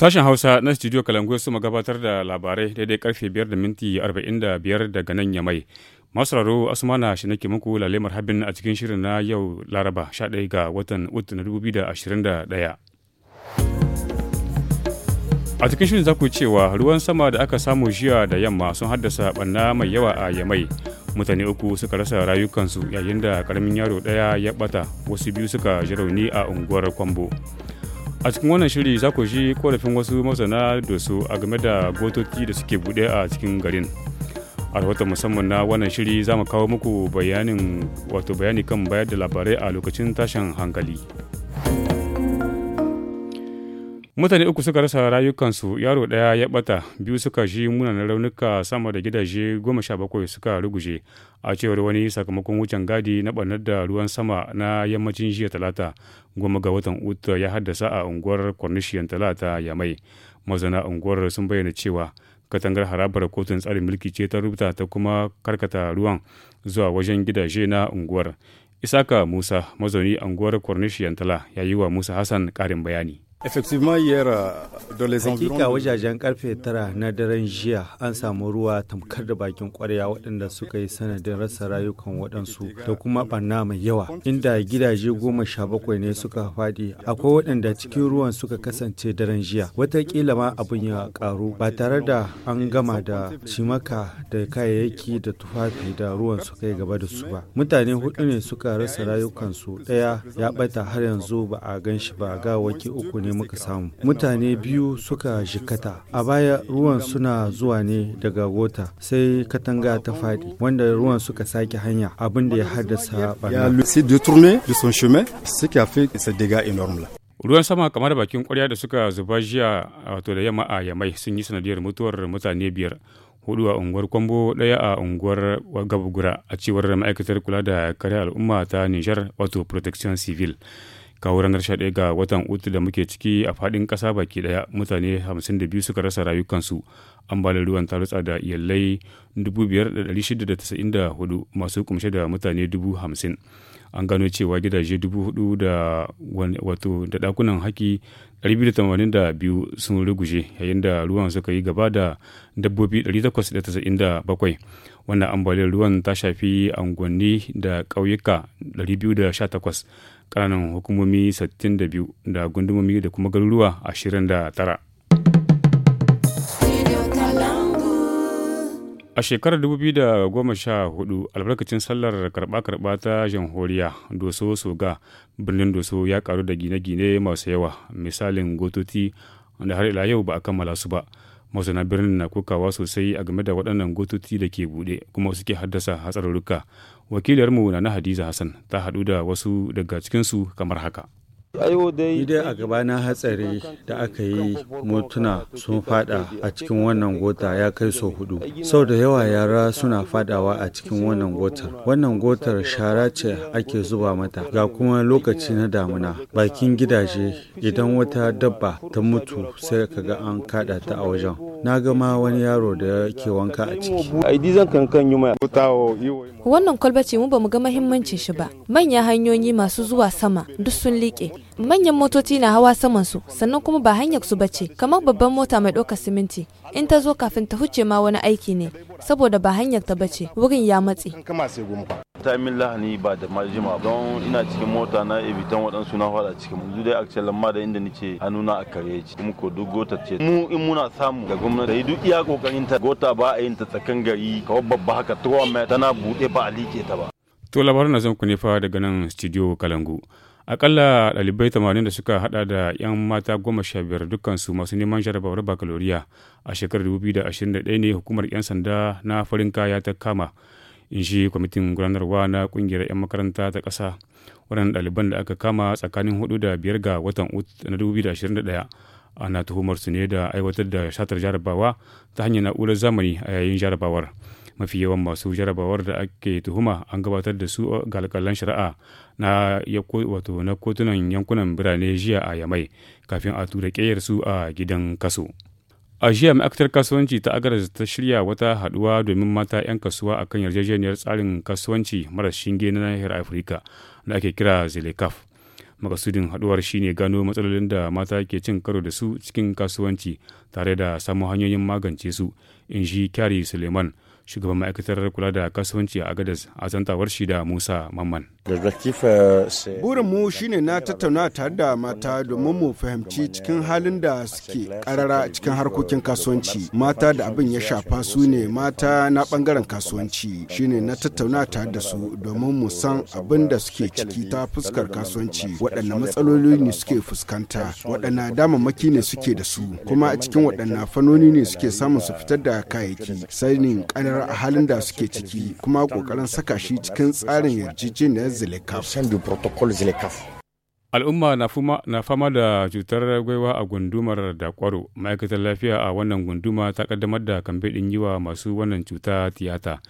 Sashen Hausa na Studio Kalangwe su gabatar da labarai daidai karfe 5 da minti 45 daga nan ya mai. Masu raro Asmana shi nake muku lalemar habin a cikin shirin na yau Laraba 11 ga watan Ut na 2021. A cikin shirin za ku cewa ruwan sama da aka samu jiya da yamma sun haddasa banna mai yawa a Yamai. Mutane uku suka rasa rayukansu yayin da karamin yaro ɗaya ya bata wasu biyu suka ji rauni a unguwar Kwambo. a cikin wannan shiri za ku shi korafin wasu masana da su a game da gotoki da suke bude a cikin garin a rahoton musamman na wannan shiri za mu kawo muku bayanin wato bayani kan bayar da labarai a lokacin tashin hankali. mutane uku suka rasa rayukansu yaro ɗaya ya ɓata biyu suka ji munanan raunuka sama da gidaje goma sha bakwai suka ruguje a cewar wani sakamakon wucin gadi na ɓarnar da ruwan sama na yammacin jiya talata goma ga watan uta ya haddasa a unguwar kwanishiyan talata ya mai mazana unguwar sun bayyana cewa katangar harabar kotun tsarin mulki ce ta rubuta ta kuma karkata ruwan zuwa wajen gidaje na unguwar isaka musa mazauni unguwar kwanishiyan tala ya yi wa musa hassan ƙarin bayani Euh, Hakika wajajen karfe tara na daren jiya an samu ruwa tamkar da bakin kwarya waɗanda suka yi sanadin rasa rayukan waɗansu da kuma ɓarna mai yawa inda gidaje goma sha bakwai ne suka faɗi akwai waɗanda cikin ruwan suka kasance daren jiya watakila ma abin ya ƙaru ba tare da an gama da cimaka da kayayyaki da tufafi da ruwan suka yi gaba da su ba mutane hudu ne suka rasa rayukansu ɗaya ya ɓata har yanzu ba a gan shi ba wake uku ne ne muka samu mutane biyu suka jikata a baya ruwan suna zuwa ne daga gota sai katanga ta fadi wanda ruwan suka sake hanya abin da ya haddasa barna ruwan sama kamar bakin kwarya da suka zuba jiya wato da yamma a yamai sun yi sanadiyar mutuwar mutane biyar hudu a unguwar kwambo daya a unguwar gabugura a cewar ma'aikatar kula da kare al'umma ta nijar wato protection civil kawo ranar 11 ga watan uku da muke ciki a fadin kasa baki daya mutane 52 suka rasa rayukansu ambalin ruwan ta rutsa da iyalai 5694 masu kumshe da mutane 50,000 an gano cewa gidaje dubu hudu da wato da dakunan haki 282 sun ruguje yayin da ruwan suka yi gaba da dabbobi 897 wannan ambaliyar ruwan ta shafi angonni da ƙauyuka 218 ƙananan hukumomi 62 da gundumomi da kuma garuruwa 29 A shekarar 2014 albarkacin sallar karba-karba ta jamhuriya doso soga birnin doso ya karu da gine-gine masu yawa misalin gototi da har ila yau ba a kammala su ba na birnin na kokawa sosai a game da waɗannan gototi da ke buɗe kuma suke haddasa hatsarurruka wakilarmu na hadiza hassan ta haɗu da wasu daga cikinsu kamar haka. idai dai a gabana hatsari da aka yi motuna sun fada a cikin wannan gota ya kai sau hudu. Sau da yawa yara suna fadawa a cikin wannan gotar. Wannan gotar shara ce ake zuba mata ga kuma lokaci na damuna bakin gidaje idan wata dabba ta mutu sai ka an kada ta a wajen. Na gama wani yaro da ke wanka a ciki. Wannan kwalba mu ba mu ga mahimmancin shi ba. manyan hanyoyi masu zuwa sama duk sun liƙe. manyan motoci na hawa saman su sannan kuma ba hanyar su bace kamar babban mota mai ɗaukar siminti in ta zo kafin ta huce ma wani aiki ne saboda ba hanyar ta bace wurin ya matse ta min lahani ba da majima don ina cikin mota na ibitan waɗansu na hada cikin yanzu dai akciyar lamma da inda nice nuna a kare ci kuma ko duk gota ce mu in muna samu ga gwamnati yi duk iya kokarin ta gota ba a yin ta tsakan gari kawai babba haka tuwa mai tana buɗe ba a liƙe ta ba to labarin na zan ku ne fa daga nan studio kalangu akalla ɗalibai tamanin da suka hada da 'yan mata goma sha biyar dukkansu masu neman jarabawar bakaloriya a shekarar 2021 ne hukumar 'yan sanda na farin kaya ta kama in shi kwamitin gudanarwa na kungiyar 'yan makaranta ta ƙasa wannan ɗaliban da aka kama tsakanin hudu da biyar ga watan na 2021 ana tuhumar su ne da aiwatar da shatar jarabawa ta hanyar na'urar zamani a yayin jarabawar mafi yawan masu jarabawar da ake tuhuma an gabatar da su ga alƙalan shari'a na wato na kotunan yankunan birane jiya a yamai kafin a tura ƙeyar su a gidan kaso a jiya ma'aikatar kasuwanci ta agaras ta shirya wata haduwa domin mata 'yan kasuwa akan yarjejeniyar tsarin kasuwanci mara shinge na nahiyar afirka da ake kira zelekaf makasudin haduwar shine gano matsalolin da mata ke cin karo da su cikin kasuwanci tare da samun hanyoyin magance su in ji kyari suleiman shugaban ma'aikatar kula da kasuwanci a agadas a zantawar shi da musa mamman Uh, Burinmu shine na tattauna tare da mata domin euh, mu fahimci cikin halin da suke karara cikin harkokin euh, kasuwanci. Mata da abin ya shafa su ne mata na bangaren kasuwanci shine na tattauna tare da su domin mu san abin da suke ciki ta fuskar kasuwanci waɗanne matsaloli ne suke fuskanta waɗanne damammaki ne suke da su kuma a cikin waɗanne fanoni ne euh, suke samun su fitar da kayayyaki sanin a halin da suke ciki kuma ƙoƙarin saka shi cikin tsarin yarjejeniyar Zelekaf. Al'umma na fama da cutar gwaiwa a gundumar da kwaro ma'aikatar lafiya a wannan gunduma ta kaddamar da kamfe ɗin yi wa masu wannan cuta tiyata.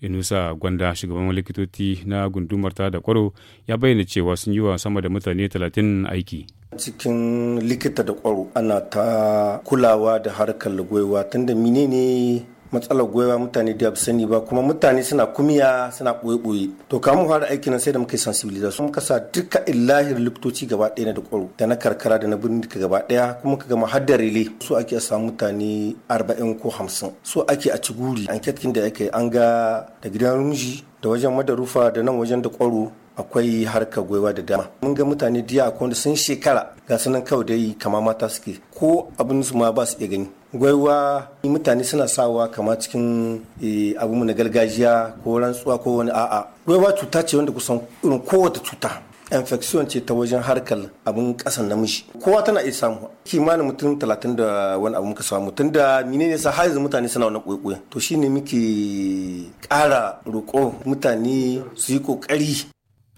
Inusa Gwanda shugaban likitoci na gundumar ta da kwaro ya bayyana cewa sun yi wa sama da mutane talatin aiki. Cikin likita da kwaro ana ta kulawa da harkar gwaiwa tunda menene matsalar goyawa mutane da sani ba kuma mutane suna kumiya suna ɓoye-ɓoye to ka mu fara aiki nan sai da muka yi sensibilization muka sa duka illahir likitoci gaba ɗaya na da ƙwaro da na karkara da na birni duka gaba ɗaya kuma ka gama har da rele so ake a samu mutane arba'in ko hamsin so ake a ci guri anket da ake an ga da gidan rumji da wajen madarufa da nan wajen da ƙwaro akwai harkar gwaiwa da dama mun ga mutane diya akwai wanda sun shekara ga sunan kawai dai kama mata suke ko abin su ma ba su iya gani gwaiwa mutane suna sawa kama cikin eh, abu na gargajiya ko rantsuwa ko wani a'a gwaiwa cuta ce wanda kusan irin kowace cuta infection ce ta wajen harkar abin kasan namiji kowa tana iya samu kimanin mutum talatin da wani abu muka samu tun da mine ne sa har mutane suna wani ƙoƙo to shine muke ƙara roƙo mutane su yi ƙoƙari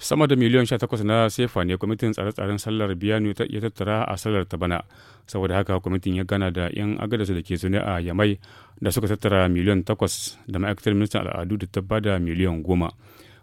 sama da miliyan 18 na sefa ne kwamitin tsare-tsaren sallar biyanu ya tattara a sallar ta bana saboda haka kwamitin ya gana da 'yan agadarsu da ke zaune a yamai da suka tattara miliyan takwas da ma'aikatar ministan al'adu da ta bada miliyan 10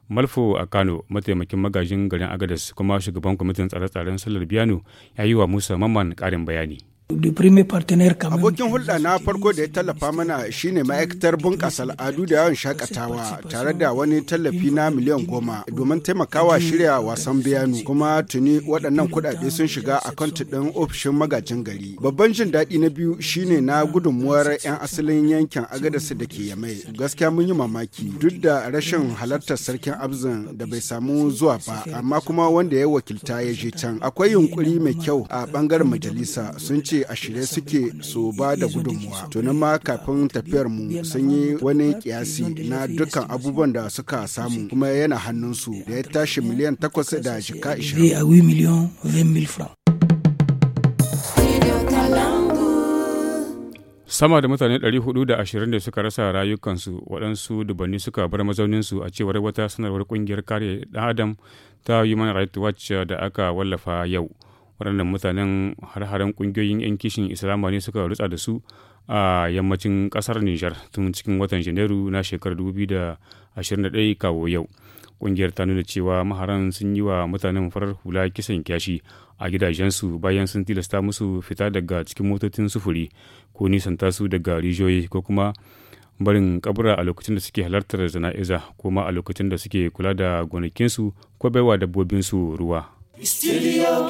malfo a kano mataimakin magajin garin agadas kuma shugaban kwamitin tsare-tsaren sallar biyano ya yi wa musa mamman karin bayani Abokin hulɗa na farko da ya tallafa mana shine ma'aikatar bunƙasa al'adu da yawon shakatawa tare da wani tallafi na miliyan goma domin taimakawa shirya wasan biyanu kuma tuni waɗannan kuɗaɗe sun shiga akwant ɗin ofishin magajin gari. Babban jin daɗi na biyu shine na gudunmuwar 'yan asalin yankin agadasu da ke yamai. Gaskiya mun yi mamaki duk da rashin halartar sarkin abzin da bai samu zuwa ba amma kuma wanda ya wakilta ya je can. Akwai yunƙuri mai kyau a ɓangaren majalisa sun ce ce a shirye suke su ba da gudunmuwa. Tunan ma kafin tafiyar mu sun yi wani kiyasi na dukkan abubuwan da suka samu kuma yana hannunsu da ya tashi miliyan takwas da shika ishirin. sama da mutane 420 da suka rasa rayukansu waɗansu dubanni suka bar mazauninsu a cewar wata sanarwar ƙungiyar kare ɗan adam ta human rights watch da aka wallafa yau waɗannan mutanen har-haren ƙungiyoyin 'yan kishin islama ne suka rutsa da su a yammacin ƙasar nijar tun cikin watan janairu na shekarar 2021 kawo yau ƙungiyar ta nuna cewa maharan sun yi wa mutanen farar hula kisan kyashi a gidajensu bayan sun tilasta musu fita daga cikin motocin sufuri ko nisanta su daga rijiyoyi ko kuma barin kabura a lokacin da suke halartar zana'iza ko ma a lokacin da suke kula da gonakinsu ko baiwa dabbobinsu ruwa. Studio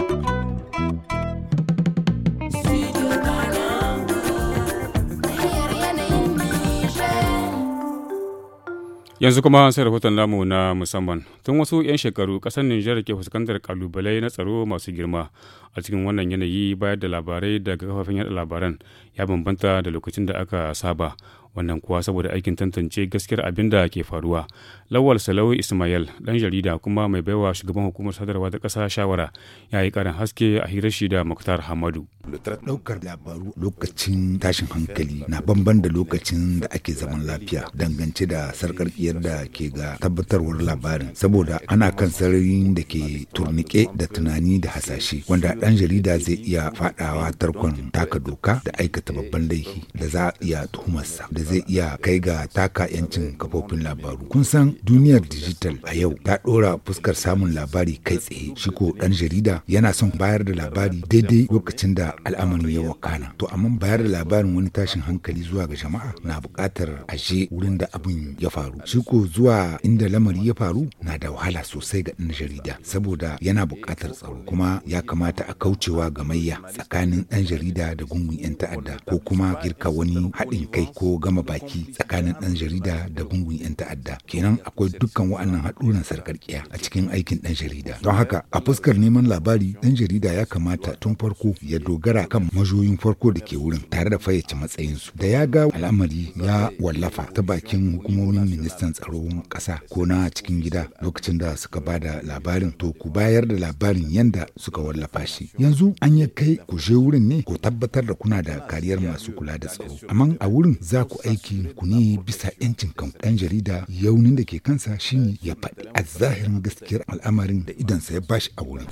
Yanzu kuma sai rahoton namu na musamman. Tun wasu 'yan shekaru ƙasar Nijar ke fuskantar ƙalubalai na tsaro masu girma a cikin wannan yanayi bayar da labarai daga kafafen yada labaran ya bambanta da lokacin da aka saba wannan kuwa saboda aikin tantance gaskiyar abin da ke faruwa lawal salau ismail dan jarida kuma mai baiwa shugaban hukumar sadarwa ta ƙasa shawara ya yi ƙarin haske a hirar shi da muktar hamadu ɗaukar labaru lokacin tashin hankali na bamban da lokacin da ake zaman lafiya dangance da sarƙarƙiyar da ke ga tabbatarwar labarin saboda ana kan sararin da ke turnike da tunani da hasashe wanda ɗan jarida zai iya faɗawa tarkon taka doka da aikata babban laifi da za a iya tuhumarsa da zai iya kai ga taka 'yancin kafofin labaru. Kun san duniyar dijital a yau ta ɗora fuskar samun labari kai tsaye shi ko ɗan jarida yana son bayar da labari daidai lokacin da al'amari ya wakana. To amma bayar da labarin wani tashin hankali zuwa ga jama'a na buƙatar ashe wurin da abin ya faru. Shi ko zuwa inda lamari ya faru na da wahala sosai ga ɗan jarida saboda yana buƙatar tsaro kuma ya kamata a kaucewa gamayya tsakanin ɗan jarida da gungun 'yan ta'adda ko kuma girka wani haɗin kai ko gama baki tsakanin ɗan jarida da gungun 'yan ta'adda kenan akwai dukkan wa'annan haɗuran sarƙarƙiya a cikin aikin ɗan jarida don haka a fuskar neman labari ɗan jarida ya kamata tun farko ya dogara kan majoyin farko da ke wurin tare da fayyace matsayinsu da ya ga al'amari ya wallafa ta bakin hukumomin ministan tsaron ƙasa ko na cikin gida lokacin da suka ba da labarin to ku bayar da labarin yanda suka wallafa shi ce yanzu an ya kai ku je wurin ne ku tabbatar da kuna da kariyar masu kula da tsaro amma a wurin za ku aiki ku ne bisa yancin kan ɗan jarida yaunin da ke kansa shine ya faɗi a zahirin gaskiyar al'amarin da idansa ya bashi a wurin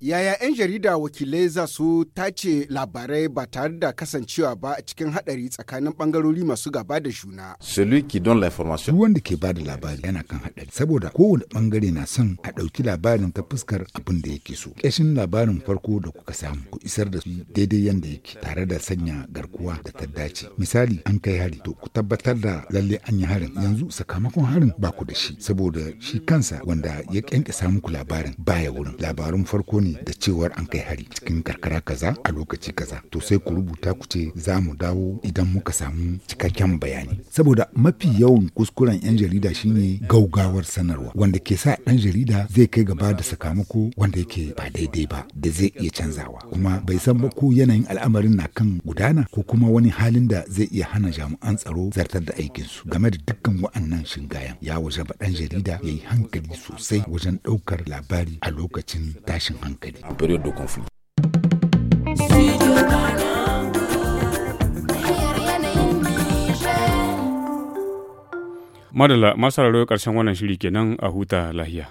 yaya 'yan jarida wakilai za su tace labarai ba tare da kasancewa ba a cikin haɗari tsakanin ɓangarori masu gaba da juna duk wanda ke ba da labari yana kan haɗari saboda kowane ɓangare na son a ɗauki labarin ta fuskar abin da yake so ƙashin labarin farko farko da kuka samu ku isar da su daidai yadda yake tare da sanya garkuwa da ta dace misali an kai hari to ku tabbatar da lalle an yi harin yanzu sakamakon harin ba ku da shi saboda shi kansa wanda ya kyankyasa ku labarin baya wurin labarun farko ne da cewar an kai hari cikin karkara kaza a lokaci kaza to sai ku rubuta ku ce za mu dawo idan muka samu cikakken bayani saboda mafi yawan kuskuren yan jarida shine gaugawar sanarwa wanda ke sa dan jarida zai kai gaba da sakamako wanda yake ba daidai ba da zai zai iya canzawa kuma bai san ba ko yanayin al'amarin na kan gudana ko kuma wani halin da zai iya hana jami'an tsaro zartar da aikin su game da dukkan wa'annan shingayen ya waje ba ɗan jarida ya yi hankali sosai wajen ɗaukar labari a lokacin tashin hankali. Madala masu ƙarshen wannan shiri kenan a huta lahiya.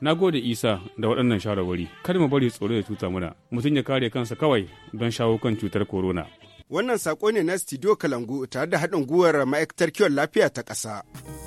Na gode Isa da waɗannan shawarwari, kar mu bari tsoro ya cuta muna, mutum ya kare kansa kawai don shawo kan cutar corona. Wannan saƙo ne na Studio Kalangu tare da haɗin gwiwar ma'aikatar kiwon lafiya ta ƙasa.